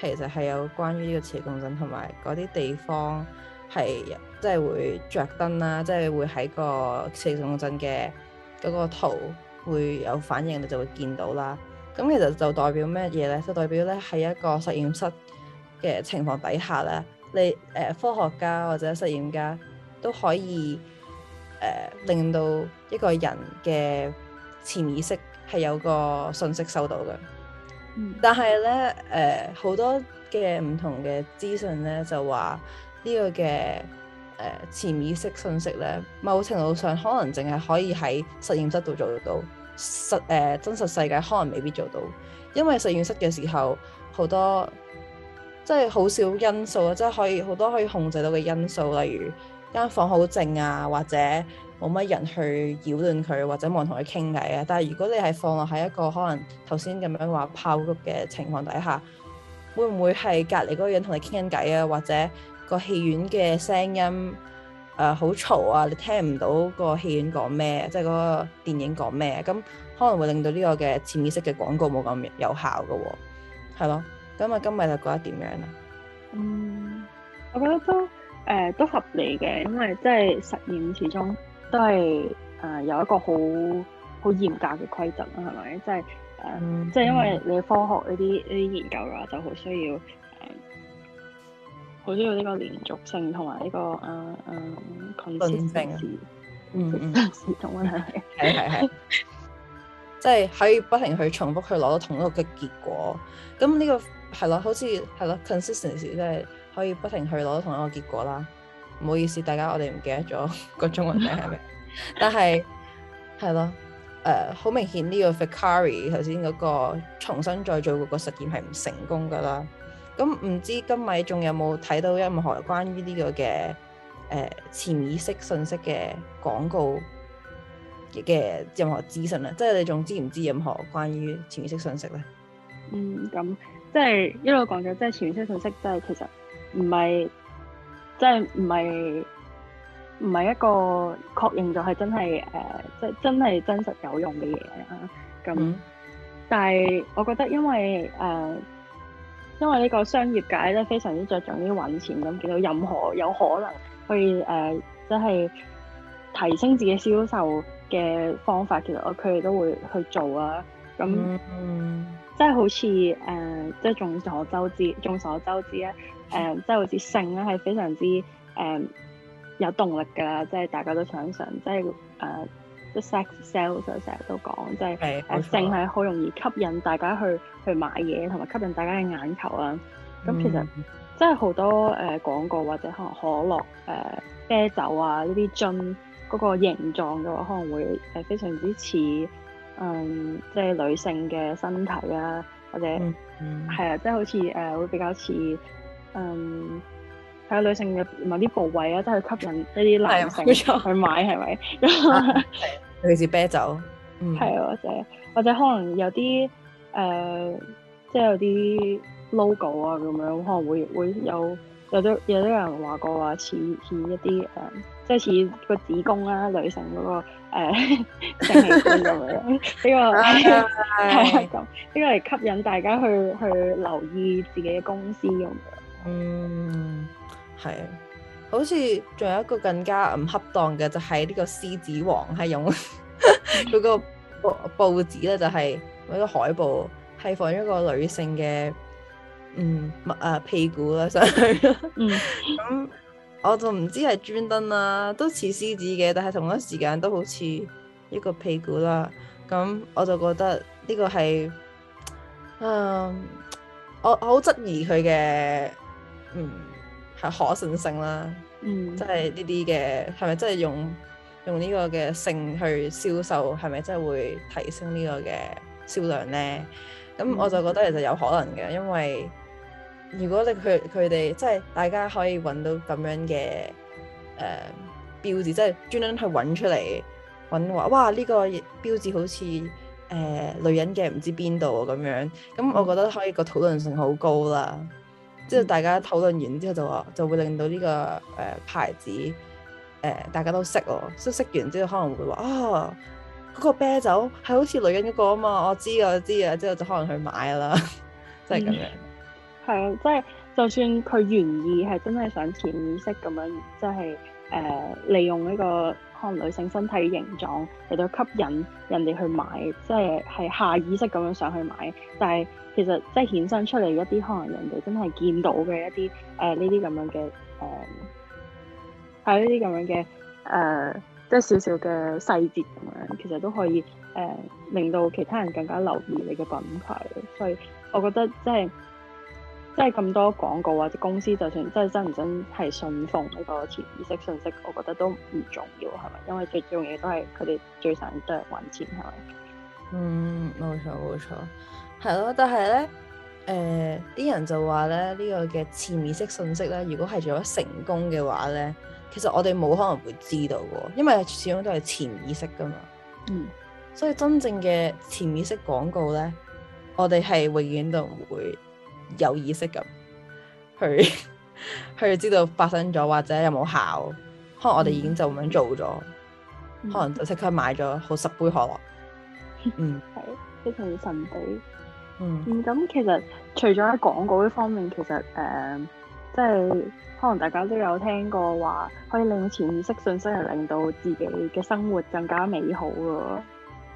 其實係有關於呢個磁共振，同埋嗰啲地方係即係會着燈啦，即係會喺個磁共振嘅嗰個圖，會有反應，你就會見到啦。咁其實就代表咩嘢呢？就代表咧喺一個實驗室嘅情況底下咧，你誒、呃、科學家或者實驗家都可以誒、呃、令到一個人嘅潛意識係有個訊息收到嘅。嗯、但係咧誒好多嘅唔同嘅資訊咧，就話呢個嘅。誒潛、呃、意識訊息咧，某程度上可能淨係可以喺實驗室度做得到，實誒、呃、真實世界可能未必做到，因為實驗室嘅時候好多即係好少因素啊，即係可以好多可以控制到嘅因素，例如間房好靜啊，或者冇乜人去擾亂佢，或者冇人同佢傾偈啊。但係如果你係放落喺一個可能頭先咁樣話炮谷嘅情況底下，會唔會係隔離嗰個人同你傾緊偈啊，或者？個戲院嘅聲音誒好嘈啊，你聽唔到個戲院講咩，即係嗰個電影講咩，咁可能會令到呢個嘅潛意識嘅廣告冇咁有，有效㗎喎、哦，係咯。咁啊，今日就覺得點樣啊？嗯，我覺得都誒、呃、都合理嘅，因為即係實驗始終都係誒、呃、有一個好好嚴格嘅規則啦，係咪？即係誒，即、呃、係、嗯、因為你科學呢啲呢啲研究嘅話，就好需要。好鍾意呢個連續性同埋呢個誒誒 consistency 嗯嗯，同問題係係係，即係可以不停去重複去攞到同一個嘅結果。咁呢個係咯，好似係咯，consistency 即係可以不停去攞到同一個結果啦。唔好意思，大家我哋唔記得咗個中文名係咩，但係係咯，誒好明顯呢個 Ficari 頭先嗰個重新再做嗰個實驗係唔成功噶啦。咁唔知金米仲有冇睇到任何關於呢個嘅誒潛意識訊息嘅廣告嘅任何資訊咧？即係你仲知唔知任何關於潛意識訊息咧？嗯，咁即係一路講咗，即係潛意識訊息，即係其實唔係即係唔係唔係一個確認就係，呃，真係誒，即係真係真實有用嘅嘢啊！咁，嗯，但係我覺得因為誒。呃因為呢個商業界咧非常之着重於揾錢咁，見、嗯、到任何有可能去誒，即、呃、係提升自己銷售嘅方法，其實我佢哋都會去做啊。咁，即係好似誒，即、呃、係眾所周知，眾所周知咧，誒、呃，即係好似性咧，係非常之誒、呃、有動力㗎啦，即係大家都想信，即係誒。呃啲 sex sells 就成日都講，即係誒性係好容易吸引大家去去買嘢，同埋吸引大家嘅眼球啊！咁其實即係好多誒、呃、廣告或者可能可樂、誒、呃、啤酒啊呢啲樽嗰個形狀嘅話，可能會誒、呃、非常之似嗯，即係女性嘅身體啊，或者係、嗯、啊，即係好似誒、呃、會比較似嗯。睇下女性嘅某啲部位啊，都去吸引一啲男性去買，係咪？尤其是啤酒，嗯，係啊，或者或者可能有啲誒，即係有啲 logo 啊，咁樣可能會會有有啲有啲人話過話似似一啲誒，即係似個子宮啊，女性嗰個誒、呃、性器官咁樣，呢個係啊，咁呢個嚟吸引大家去去留意自己嘅公司咁樣，嗯。係啊，好似仲有一個更加唔恰當嘅，就係、是、呢個獅子王係用佢個布報紙咧，就係嗰個海報係放一個女性嘅嗯啊屁股啦上去咁 我就唔知係專登啦，都似獅子嘅，但係同一時間都好似一個屁股啦。咁我就覺得呢個係，嗯，我我好質疑佢嘅嗯。可信性啦，嗯，即係呢啲嘅係咪真係用用呢個嘅性去銷售，係咪真係會提升呢個嘅銷量咧？咁我就覺得其實有可能嘅，因為如果你佢佢哋即係大家可以揾到咁樣嘅誒、呃、標誌，即係專登去揾出嚟揾話，哇，呢個標誌好似誒、呃、女人嘅唔知邊度啊咁樣，咁我覺得可以個討論性好高啦。即係、嗯、大家討論完之後就話就會令到呢、這個誒、呃、牌子誒、呃、大家都識咯，識完之後可能會話啊嗰個啤酒係好似女人嗰個啊嘛，我知我知啊，之後就可能去買啦，即係咁樣。係、嗯、啊，即、就、係、是、就算佢原意係真係想潛意識咁樣，即係誒利用呢個可能女性身體形狀嚟到吸引人哋去買，即係係下意識咁樣上去買，但係。其實即係衍生出嚟一啲，可能人哋真係見到嘅一啲，誒呢啲咁樣嘅，誒係呢啲咁樣嘅，誒即係少少嘅細節咁樣，其實都可以誒、呃、令到其他人更加留意你嘅品牌。所以我覺得即係即係咁多廣告或者公司，就算真係真唔真係信奉呢個潛意識信息，我覺得都唔重要，係咪？因為最重要嘅都係佢哋最想得嚟揾錢，係咪？嗯，冇錯冇錯。係咯，但係咧，誒、呃，啲人就話咧呢、這個嘅潛意識信息咧，如果係做咗成功嘅話咧，其實我哋冇可能會知道嘅，因為始終都係潛意識噶嘛。嗯。所以真正嘅潛意識廣告咧，我哋係永遠都唔會有意識咁去 去知道發生咗或者有冇效，可能我哋已經就咁樣做咗，嗯、可能就即刻買咗好十杯可樂。嗯。係，非常神秘。嗯，咁、嗯、其實除咗喺廣告呢方面，其實誒、嗯、即係可能大家都有聽過話，可以利用潛意識信息嚟令到自己嘅生活更加美好噶。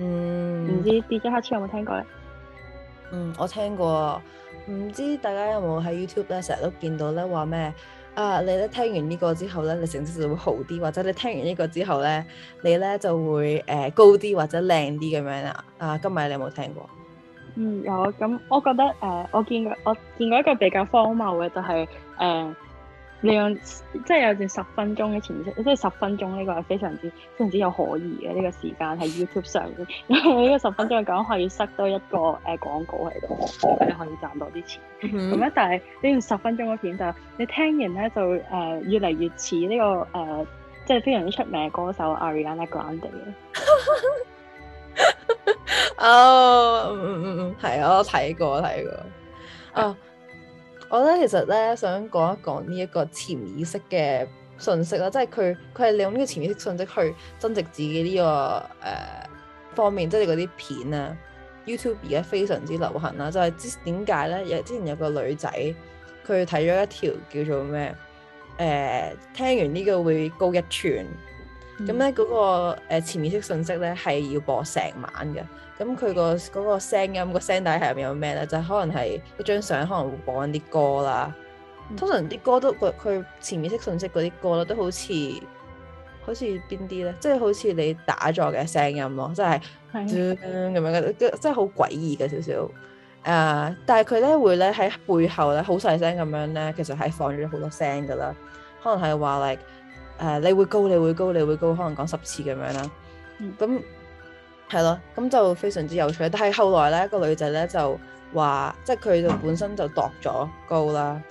嗯，唔知 DJ Hachii 有冇聽過咧？嗯，我聽過，唔知大家有冇喺 YouTube 咧成日都見到咧話咩？啊，你咧聽完呢個之後咧，你成績就會好啲，或者你聽完呢個之後咧，你咧就會誒、呃、高啲或者靚啲咁樣啊？啊，今日你有冇聽過？嗯，有、哦、咁，我覺得誒、呃，我見過，我見過一個比較荒謬嘅，就係誒利用，即係有段十分鐘嘅前，即係十分鐘呢個係非常之、非常之有可疑嘅呢、這個時間喺 YouTube 上嘅，因為呢個十分鐘嘅講可以塞多一個誒廣告喺度，你、呃、可以賺多啲錢。咁咧、嗯，但係呢段十分鐘嘅片就你聽完咧，就誒、呃、越嚟越似呢、這個誒、呃，即係非常之出名嘅歌手 Ariana Grande 嘅。 哦，嗯嗯嗯，係啊，我睇過睇過。哦，的我覺得其實咧想講一講呢一個潛意識嘅訊息啦，即係佢佢係利用呢個潛意識訊息去增值自己呢、這個誒、呃、方面，即係嗰啲片啊。YouTube 而家非常之流行啦，就係之點解咧？有之前有個女仔，佢睇咗一條叫做咩？誒、呃，聽完呢個會高一吋。咁咧嗰個誒潛意識訊息咧係要播成晚嘅，咁佢個嗰個聲音，嗯，個聲音那個聲底係入面有咩咧？就是，可能係一張相，可能會播緊啲歌啦。通常啲歌都佢佢潛意識訊息嗰啲歌啦，都好似好似邊啲咧？即、就、係、是，好似你打坐嘅聲音咯，即係嘟咁樣即係好詭異嘅少少。誒、uh,，但係佢咧會咧喺背後咧好細聲咁樣咧，其實係放咗好多聲噶啦，可能係話嚟。Like, 誒，uh, 你會高，你會高，你會高，可能講十次咁樣啦。咁係咯，咁就非常之有趣。但係後來咧，嗰個女仔咧就話，即係佢就本身就度咗高啦，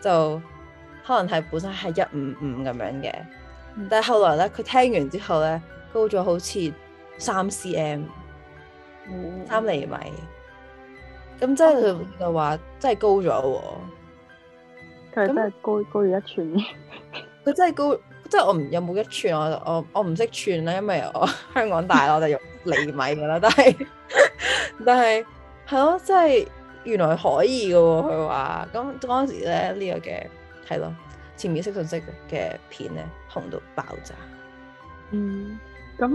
就可能係本身係一五五咁樣嘅。嗯、但係後來咧，佢聽完之後咧，高咗好似三 cm，三、嗯、厘米。咁即係佢就話，真係高咗。佢真係高高咗一寸，佢真係高。即係我唔有冇一寸，我我我唔識寸，咧，因為我香港大我就用厘米噶啦。但係但係係咯，即係原來可以噶。佢話咁嗰陣時咧呢、這個嘅係咯，潛意識信息嘅片咧紅到爆炸。嗯，咁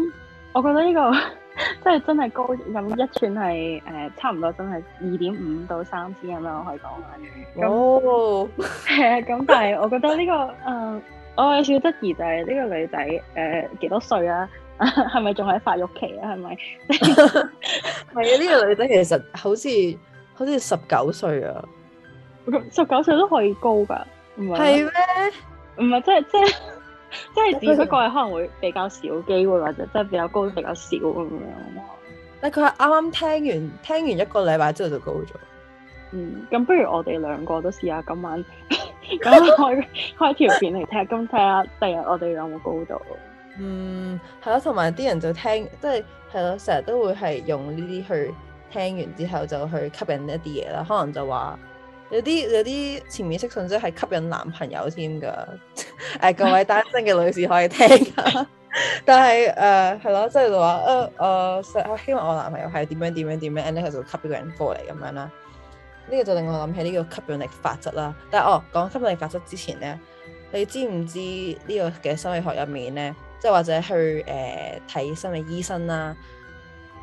我覺得呢、這個即係真係高咁一寸係誒、呃、差唔多真係二點五到三千咁樣，我可以講下。係啊，咁、哦嗯、但係我覺得呢、這個誒。呃我、oh，有少質疑就係、是、呢個女仔誒幾多歲啊？係咪仲喺發育期啊？係咪？係啊！呢個女仔其實好似好似十九歲啊！十九歲都可以高㗎，唔係係咩？唔係即係即係即係佢嗰個係可能會比較少機會，或者即係比較高比較少咁樣。但係佢係啱啱聽完聽完一個禮拜之後就高咗。嗯，咁不如我哋兩個都試下今晚咁 開開條片嚟聽，咁睇下第日我哋有冇高度。 嗯，係咯，同埋啲人就聽，即係係咯，成日都會係用呢啲去聽完之後就去吸引一啲嘢啦。可能就話有啲有啲潛意識信息係吸引男朋友添噶。誒、 啊，各位單身嘅女士可以聽。 但係誒係咯，即係就話誒誒，我希望我男朋友係點樣點樣點樣，然後就吸引一個人過嚟咁樣啦。呢個就令我諗起呢個吸引力法則啦。但係哦，講吸引力法則之前咧，你知唔知呢個嘅心理學入面咧，即係或者去誒睇，呃、心理醫生啦。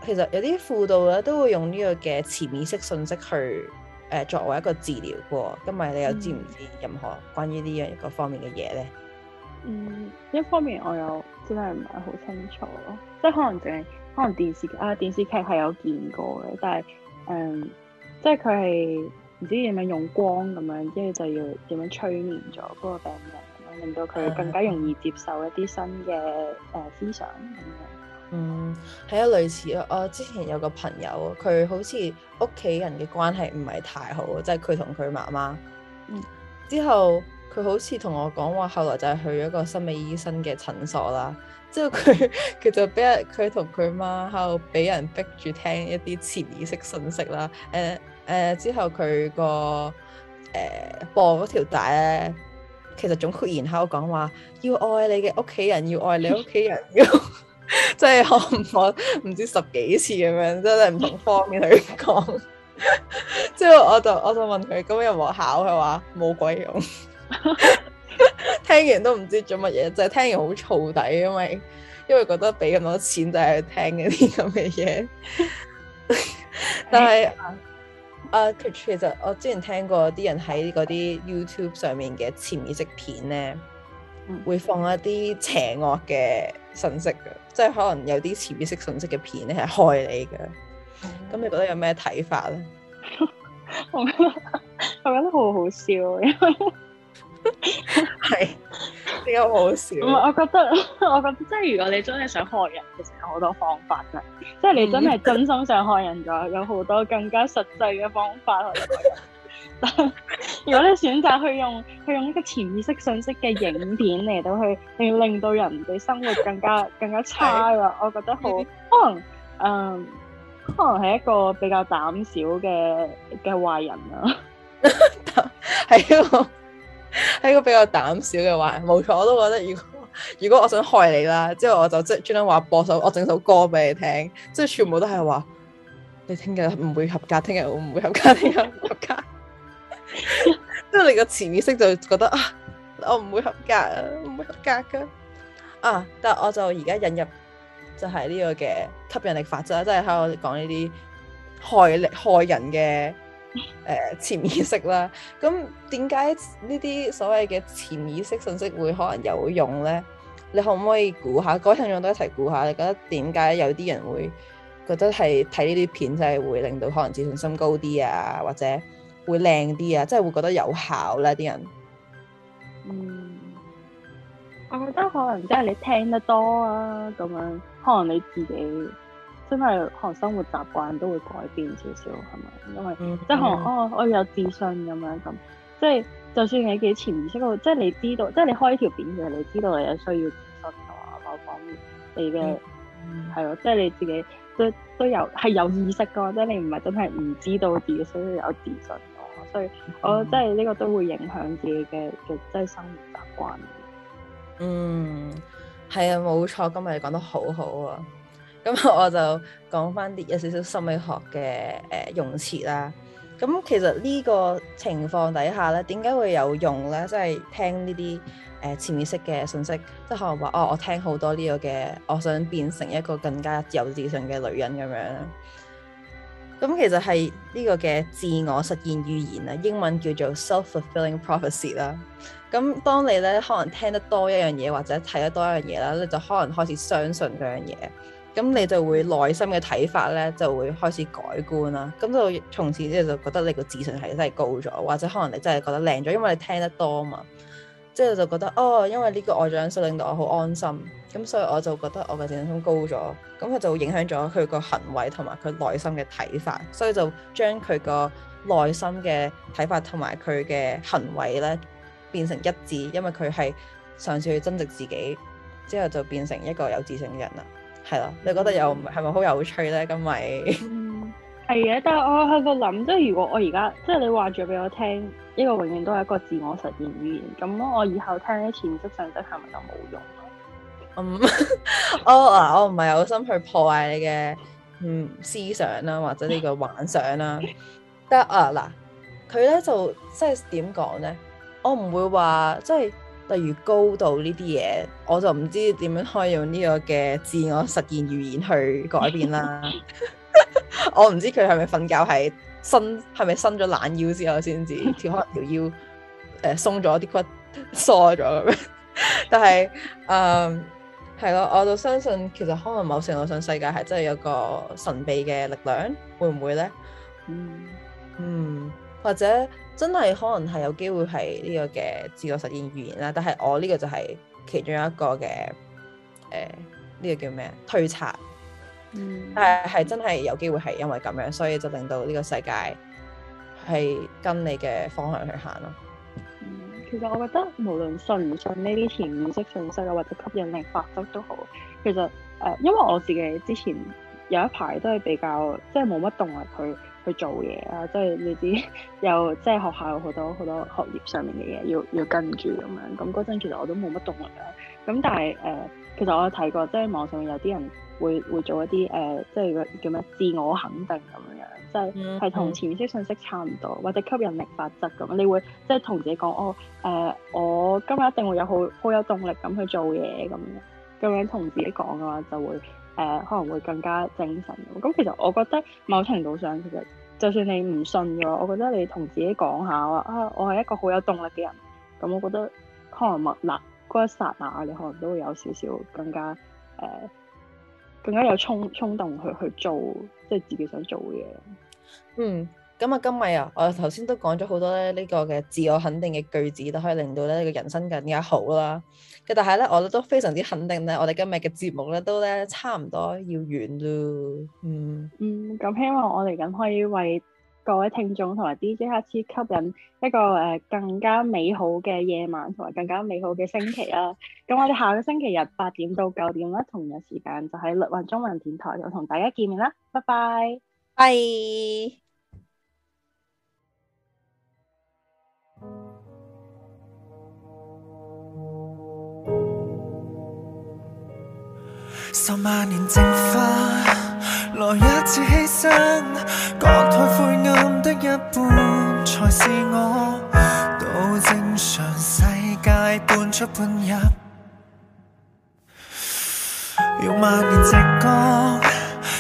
其實有啲輔導咧，都會用呢個嘅潛意識訊息去誒，呃、作為一個治療過。咁咪你又知唔知任何關於呢樣一個方面嘅嘢咧？嗯，一方面我又真係唔係好清楚咯。即係可能淨係可能電視啊，電視劇係有見過嘅，但係誒。嗯即係佢係唔知點樣用光咁樣，跟住就要點樣催眠咗嗰個病人，令到佢更加容易接受一啲新嘅誒、呃、思想咁樣。嗯，係啊，類似啊。我之前有個朋友，佢好似屋企人嘅關係唔係太好，即係佢同佢媽媽。嗯。之後佢好似同我講話，後來就係去咗個心理醫生嘅診所啦。之後佢佢就俾人，佢同佢媽喺度俾人逼住聽一啲潛意識訊息啦。誒、嗯。誒、呃，之後佢、那個誒、呃、播嗰條帶咧，其實總括然後講話要愛你嘅屋企人，要愛你屋企人，咁即係我唔我唔知十幾次咁樣，真係唔同方面去講。之 後我就我就問佢今日有冇考？佢話冇鬼用。 聽完都唔知做乜嘢，就係、是、聽完好燥底，因為因為覺得俾咁多錢就係聽呢啲咁嘅嘢， 但係。啊，uh, 其實我之前聽過啲人喺嗰啲 YouTube 上面嘅潛意識片咧，嗯、會放一啲邪惡嘅信息嘅，即係可能有啲潛意識信息嘅片咧係害你嘅。咁、嗯、你覺得你有咩睇法咧？ 我覺得好好笑，啊，因為。係比較好笑。唔係，我覺得，我覺得即係如果你真係想害人，其實有好多方法嘅。即係你真係真心想害人咗，有好多更加實際嘅方法害人。 如果你選擇去用去用呢個潛意識訊息嘅影片嚟到去，令令到人哋生活更加更加差嘅，的我覺得好可能，嗯、呃，可能係一個比較膽小嘅嘅壞人啊。係 咯 係一個比較膽小嘅話，冇錯，我都覺得如果如果我想害你啦，之後我就即係專登話播首我整首歌俾你聽，即係全部都係話你聽日唔會合格，聽日我唔會合格，聽日唔合格。即係 你個潛意識就覺得啊，我唔會合格啊，唔會合格噶。啊，但係我就而家引入就係呢個嘅吸引力法則，即係喺我講呢啲害力害人嘅。誒、呃，潛意識啦，咁點解呢啲所謂嘅潛意識信息會可能有用咧？你可唔可以估下？各位聽眾都一齊估下，你覺得點解有啲人會覺得係睇呢啲片就係會令到可能自信心高啲啊，或者會靚啲啊，即係會覺得有效咧？啲人，嗯，我覺得可能即係你聽得多啊，咁樣，可能你自己。因為學生活習慣都會改變少少，係咪？因為、嗯、即係可能，我、哦哦、我有自信咁樣咁，即係就算你幾潛意識，即係你知道，即係你開條片嘅，你知道你有需要自信啊，我講你嘅係咯，即係你自己都都有係有意識噶，嗯、即係你唔係真係唔知道自己，信有自信，所以我即係呢個都會影響自己嘅嘅即係生活習慣。嗯，係啊，冇錯，今日你講得好好啊。咁我就講翻啲有少少心理學嘅誒用詞啦。咁其實呢個情況底下咧，點解會有用咧？即係聽呢啲誒潛意識嘅信息，即係可能話哦，我聽好多呢個嘅，我想變成一個更加有自信嘅女人咁樣啦。咁其實係呢個嘅自我實現預言啊，英文叫做 self-fulfilling prophecy 啦。咁當你咧可能聽得多一樣嘢，或者睇得多一樣嘢啦，你就可能開始相信嗰樣嘢。咁你就會內心嘅睇法咧，就會開始改觀啦。咁就從此之後就覺得你個自信係真係高咗，或者可能你真係覺得靚咗，因為你聽得多啊嘛。之後就覺得哦，因為呢個外在因素令到我好安心，咁所以我就覺得我嘅自信心高咗。咁佢就會影響咗佢個行為同埋佢內心嘅睇法，所以就將佢個內心嘅睇法同埋佢嘅行為咧變成一致，因為佢係嘗試去增值自己，之後就變成一個有自信嘅人啦。係咯，你覺得有係咪好有趣咧？咁咪係嘅，但係我喺度諗，即係如果我而家即係你話住俾我聽，呢個永遠都係一個自我實現語言，咁我以後聽啲潛意識、上意識係咪就冇用？嗯，um, oh, uh, 我啊，我唔係有心去破壞你嘅嗯思想啦、啊，或者呢個幻想啦、啊。得啊嗱，佢咧就即係點講咧？我唔會話即係。例如高度呢啲嘢，我就唔知點樣可以用呢個嘅自我實現預言去改變啦。 我唔知佢係咪瞓覺係伸，係咪伸咗懶腰之後先至跳開條腰，誒鬆咗啲骨，疏咗咁樣。 但係誒係咯，我就相信其實可能某程度上世界係真係有個神秘嘅力量，會唔會咧？嗯嗯，或者。真係可能係有機會係呢個嘅自我實現語言啦，但係我呢個就係其中一個嘅誒呢個叫咩啊推測，嗯、但係係真係有機會係因為咁樣，所以就令到呢個世界係跟你嘅方向去行咯、嗯。其實我覺得無論信唔信呢啲潛意識信息啊，或者吸引力法則都好，其實誒、呃，因為我自己之前有一排都係比較即係冇乜動力去。去做嘢啊，即係你知，有即係學校有好多好多學業上面嘅嘢要要跟住咁樣，咁嗰陣其實我都冇乜動力啊。咁但係誒、呃，其實我有睇過即係網上面有啲人會會做一啲誒、呃，即係叫咩自我肯定咁樣，就係同潛意識信息差唔多，或者吸引力法則咁。你會即係同自己講哦，誒、呃，我今日一定會有好好有動力咁去做嘢咁樣，咁樣同自己講嘅話就會。誒，可能會更加精神。咁其實我覺得某程度上，其實就算你唔信嘅，我覺得你同自己講下話啊，我係一個好有動力嘅人，咁我覺得可能默力嗰一剎那，你可能都會有少少更加誒，更加有衝衝動去去做即係自己想做嘅嘢。嗯。咁啊，今日啊，我頭先都講咗好多咧，呢個嘅自我肯定嘅句子都可以令到咧呢個人生更加好啦。但係咧，我都非常之肯定咧，我哋今日嘅節目咧都咧差唔多要完咯。嗯嗯，咁希望我哋咁可以為各位聽眾同埋 DJ Hachii 吸引一個誒更加美好嘅夜晚同埋更加美好嘅星期啦。咁 我哋下個星期日八點到九點咧，同樣時間就喺綠雲中文電台度同大家見面啦。拜拜拜！十萬年蒸發，來一次犧牲，割開灰暗的一半才是我，到正常世界半出半入，用萬年直覺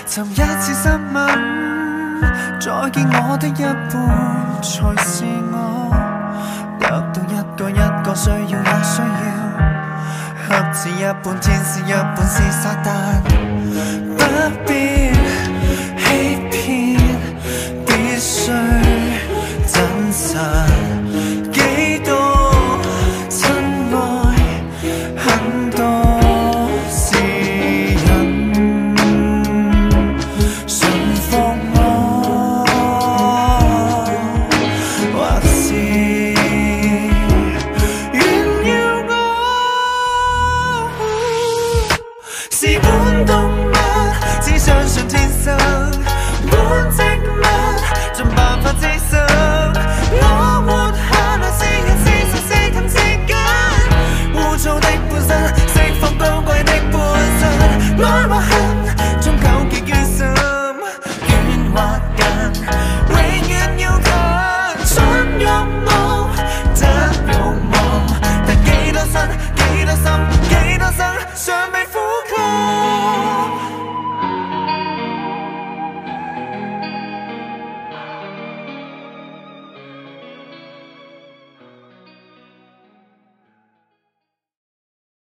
尋一次親吻，再見我的一半才是我。需要也需要，恰似一半，天使一半是撒旦，不必欺騙，必 須真實。